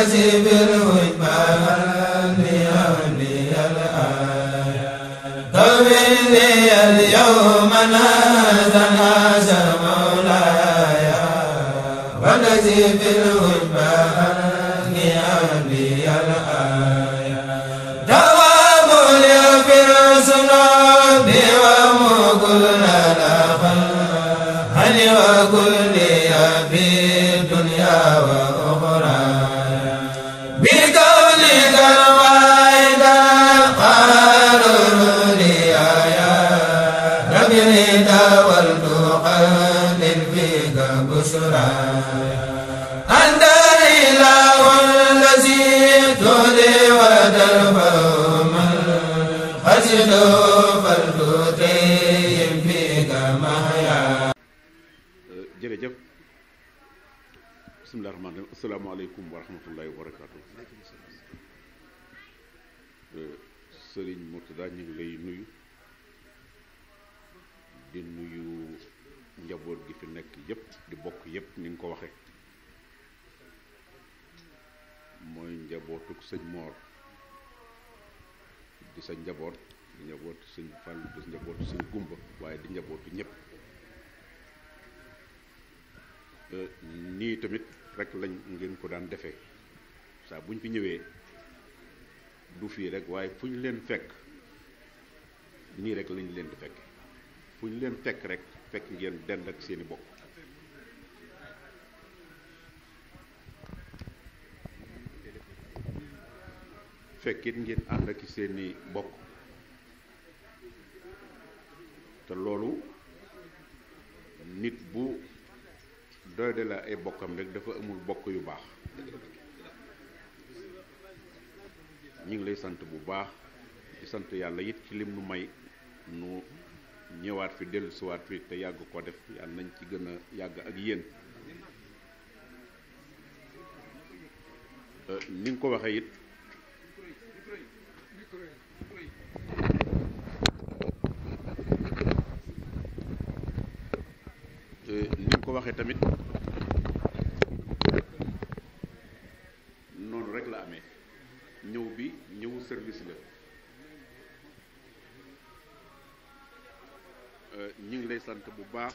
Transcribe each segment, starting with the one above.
الذي بالوجبان لأولي الآية طويل لي اليوم هذا الأجر مولاي والذي بالوجبان jërëjëf bisimilah rahmaani rahiim asalaamaaleykum wa rahmatullahi wa barakaatu. Sëriñ euh, Mourtada ñu ngi lay nuyu di nuyu njaboot gi fi nekk yépp di bokk yépp ni nga ko waxe mooy njabootuk sëñ Moor di sa njaboot di njabootu sëñ Fall di njabootu sëñ Gumba waaye di njabootu ñépp. Euh, nii tamit rek lañ ngeen ko daan defe saa buñ fi ñëwee du fii rek waaye fu ñu leen fekk nii rek lañ leen di fekk fu ñu leen fekk rek fekk ngeen dend ak seeni bokk ngeen ànd ak seeni bokk te loolu nit bu doy de la ay bokkam rek dafa amul bokk yu baax ñu ngi lay sant bu baax di sant yàlla it ci lim nu may nu ñëwaat fi dellu siwaat fi te yàgg ko def yàlla nañ ci gën a yàgg ak yéen euh, ni ko waxee it euh, ni ko waxee tamit service la euh, ñu ngi lay sant bu baax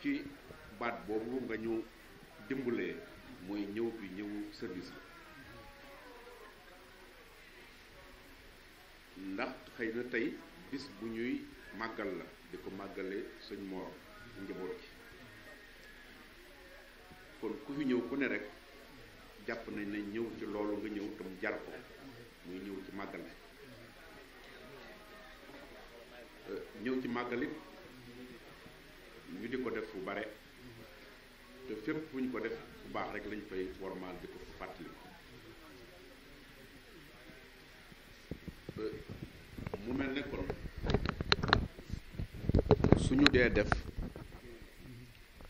ci baat boobu nga ñu dimbalee mooy ñëw bi ñëwu service la ndax xëy na tey bis bu ñuy màggal la di ko màggale suñ morom njaboot ci kon ku fi ñëw ku ne rek jàpp nañ ne ñëw ci loolu nga ñëw tam jar ko muy ñëw ci màggal euh, ñëw ci màggal it ñu di ko def fu bare te fépp fu ñu ko def bu baax rek lañ fay wormaal di ko fàttali euh, mu mel ne kon suñu dee def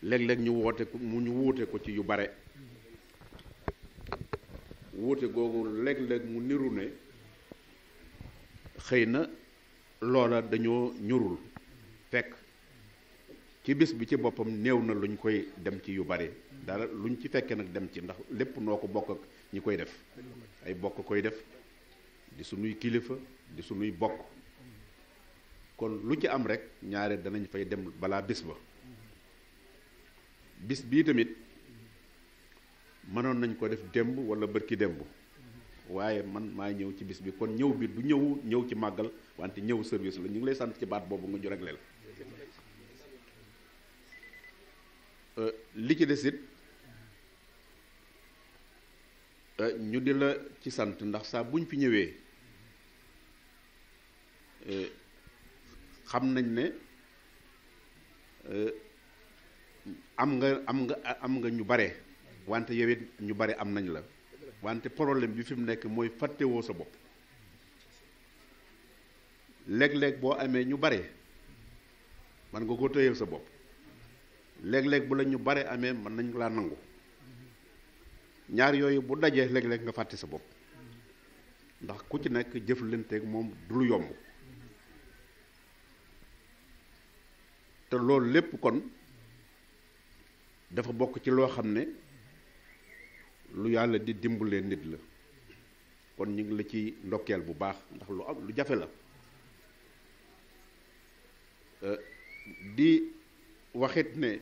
léeg-léeg ñu woote ko mu ñu wuute ko ci yu bare wuute googu léeg-léeg mu niru ne xëy na loola dañoo ñurul fekk ci bis bi ci boppam néew na luñ koy dem ci yu bari dara luñ ci fekkee nag dem ci ndax lépp noo ko bokk ak ñi koy def ay bokk koy def di sunuy kilifa di sunuy bokk kon lu ci am rek ñaare danañ fay dem balaa bis ba bis bii tamit mënoon nañ ko def démb wala bërki démb waaye man maa ñëw ci bis bi kon ñëw bi du ñëw ñëw ci màggal wante ñëw service la ñu ngi lay sant ci baat boobu nga ñu réglé euh, ci des it euh, ñu di la ci sant ndax saa buñ fi ñëwee euh, xam nañ ne am nga am nga am nga ñu bare wante yow it ñu bari am nañ la wante problème bi fi mu nekk mooy fàttewoo sa bopp léeg-léeg boo amee ñu bare man nga ko tëyal sa bopp léeg-léeg bu la ñu bare amee mën nañ laa nangu ñaar yooyu bu dajee léeg-léeg nga fàtte sa bopp ndax ku ci nekk jëflanteeg moom dul yomb te loolu lépp kon dafa bokk ci loo xam ne lu yàlla di leen nit la kon ñu ngi la ci ndokkeel bu baax ndax lu am lu jafe la euh, di waxit ne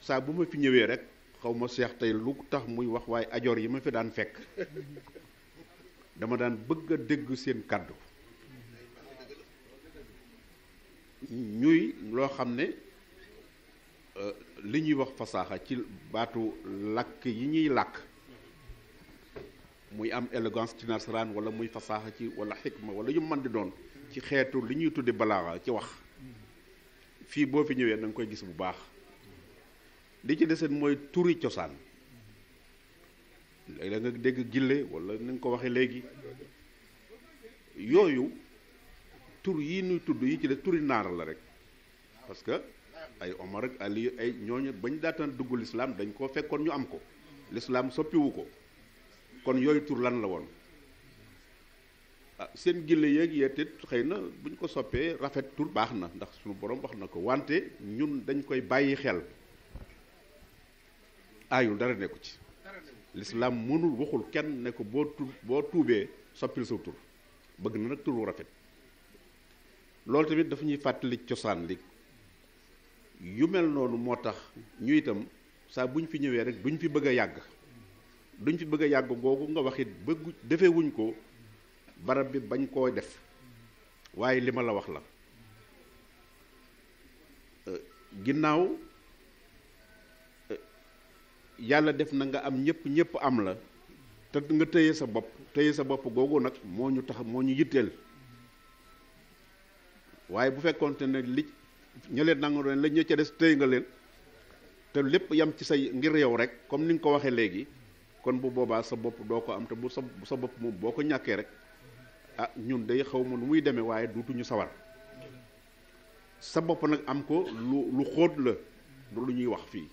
saa bu ma fi ñëwee rek xaw ma seex tey lu tax muy wax waaye ajoor yi ma fi daan fekk dama daan bëgg a dégg seen kàddu ñuy loo xam ne euh, li ñuy wax fasaaxa ci baatu làkk yi ñuy làkk muy am élégance ci nasaraan wala muy fasaaxa ci wala xikma wala yu mën di doon ci xeetu li ñuy tuddi balaaxa ci wax fii boo fi ñëwee da nga koy gis bu baax li ci deseen mooy turi cosaan léegi da nga dégg gille wala ni nga ko waxee léegi yooyu tur yi ñuy tudd yi ci de turi naaral la rek parce que ay Omar ak Ali ay ñooñu bañ daataan dugg lislaam dañ koo fekkoon ñu am ko lislaam soppiwu ko kon yooyu tur lan la woon ah seen gille yeeg yeetit xëy na bu ñu ko soppee rafet tur baax na ndax suñu borom wax na ko wante ñun dañ koy bàyyi xel aayul dara nekku ci lislaam mënul waxul kenn ne ko boo tuubee soppil sa tur bëgg na nag turu rafet loolu tamit dafa ñuy fàttali cosaan li yu mel noonu moo tax ñu itam saa bu ñu fi ñëwee rek duñ fi bëgg a yàgg duñ fi bëgg a yàgg googu nga wax it bëggu defee wuñ ko barab bi bañ koo def waaye li ma la wax la euh, ginnaaw euh, yàlla def na nga am ñëpp ñëpp am la te nga tëye sa bopp téye sa bopp googu nag moo ñu tax moo ñu yitteel waaye bu fekkoonte ne li ña leen nangu leen la ca des téye nga leen te lépp yam ci say ngir yow rek comme ni nga ko waxee léegi kon bu boobaa sa bopp doo ko am te bu sa sa bopp moom boo ko ñàkkee rek ah ñun day xaw ma nu muy demee waaye duutuñu sawar sa bopp nag am ko lu lu xóot la du lu ñuy wax fii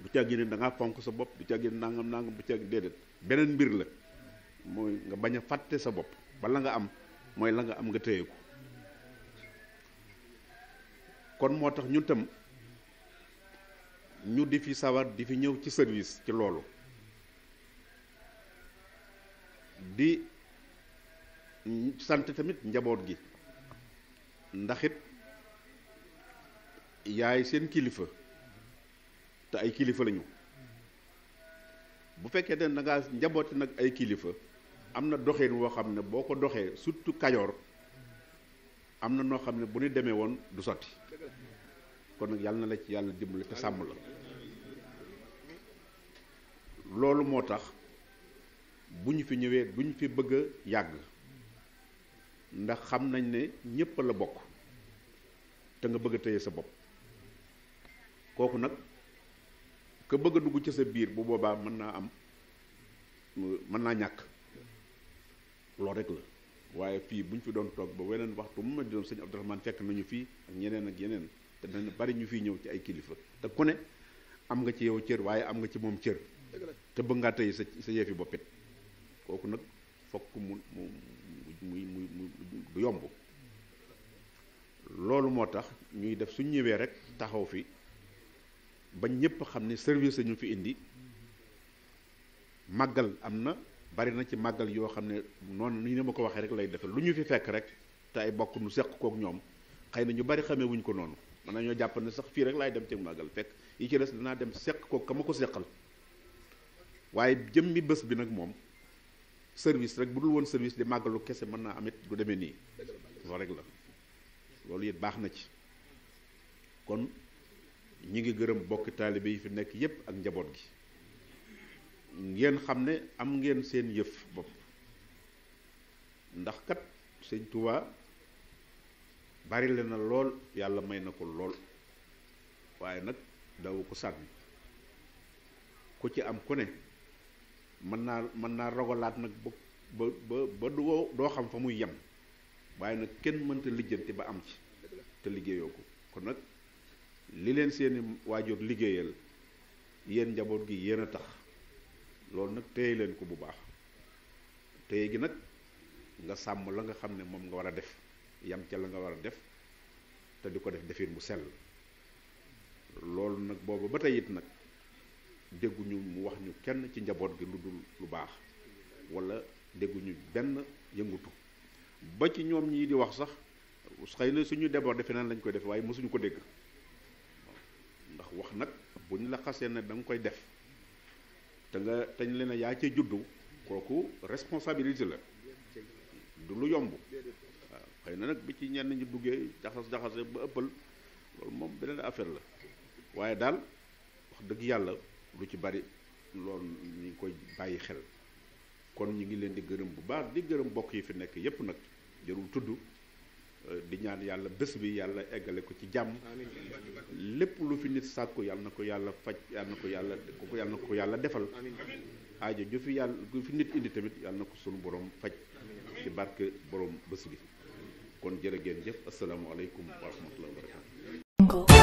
bu càgg ne da ngaa fonk sa bopp bu càgg ne nangam nangam bu càgg déedéet beneen mbir la mooy nga bañ a fàtte sa bopp bala nga am mooy la nga am nga téye ko kon moo tax ñun tam. ñu di fi sawar di fi ñëw ci service ci loolu di sant tamit njaboot gi ndaxit yaay seen kilifa te ay kilifa lañu bu fekkee ne da ngaa njabooti nag ay kilifa am na doxeen woo xam ne boo ko doxee surtout kajoor am na noo xam ne bu ñu demee woon du sotti kon nag yàlla na la ci yàlla dimbali te sàmm la loolu moo tax bu ñu fi ñëwee duñ fi bëgg a yàgg ndax xam nañ ne ñépp la bokk te nga bëgg a téye sa bopp kooku nag ka bëgg a dugg ci sa biir bu boobaa mën naa am mën naa ñàkk loolu rek la waaye fii bu ñu fi doon toog ba weneen waxtu mu ma doon sëñ Abdourahmane fekk nañu fii ak ñeneen ak yeneen te mel na bari ñu fiy ñëw ci ay kilifa te ku ne am nga ci yow cër waaye am nga ci moom cër te bëgg ngaa tey sa sa yëfi boppit kooku nag fokk mu mu muy muy mu yomb loolu moo tax ñuy def suñ ñëwee rek taxaw fi bañ ñépp xam ne service ñu fi indi màggal am na bari na ci màggal yoo xam ne noonu ni ne ma ko waxee rek lay defal lu ñu fi fekk rek te ay bokk nu seq kook ñoom xëy na ñu bari xamee wuñ ko noonu man nañoo jàpp ne sax fii rek laay dem teg màggal fekk yi ci des danaa dem seq ko ka ma ko seqal waaye jëmmi bés bi nag moom service rek bu dul woon service di màggalu kese mën naa amit du demee nii loolu rek la loolu it baax na ci kon ñi ngi gërëm bokki taalibe yi fi nekk yépp ak njaboot gi ngeen xam ne am ngeen seen yëf bopp ndax kat sëñ tubaa bari la na lool yàlla may na ko lool waaye nag daw ko sànni ku ci am ku ne mën naa mën naa rogalaat nag ba ba ba ba doo xam fa muy yem waaye nag kenn mënta lijjanti ba am ci te liggéeyoo ko kon nag li leen seeni waajur liggéeyal yéen njaboot gi yéen a tax loolu nag téye leen ko bu baax téye gi nag nga sàmm la nga xam ne moom nga war a def yam ca la nga war a def te di ko def defin bu sell loolu nag booba ba tey it nag dégguñu mu wax ñu kenn ci njaboot gi lu dul lu baax wala dégguñu benn yëngutu ba ci ñoom ñii di wax sax xëy na suñu deboor defe naan lañ koy def waaye mosuñu ko dégg ndax wax nag bu ñu la xasee ne da koy def te nga teñ leen a yaa cee juddu kooku responsabilité la du lu yomb xëy na nag bi ci ñenn ñi duggee jaxas jaxase ba ëppal loolu moom beneen affaire la waaye daal wax dëgg yàlla lu ci bari loolu ñu ngi koy bàyyi xel kon ñu ngi leen di gërëm bu baax di gërëm mbokk yi fi nekk yépp nag jërul tudd euh, di ñaan yàlla bés bi yàlla eggale ko ci jàmm lépp lu fi nit sàkku yàlla na ko yàlla faj yàlla na ko yàlla ko yàlla na ko yàlla defal aajo ju fi yàlla ju fi nit indi tamit yàlla na ko sunu borom faj ci barke borom bés bi kon jërë ngeen jëf asalaamaaleykum wa rahmatulah wa barakatu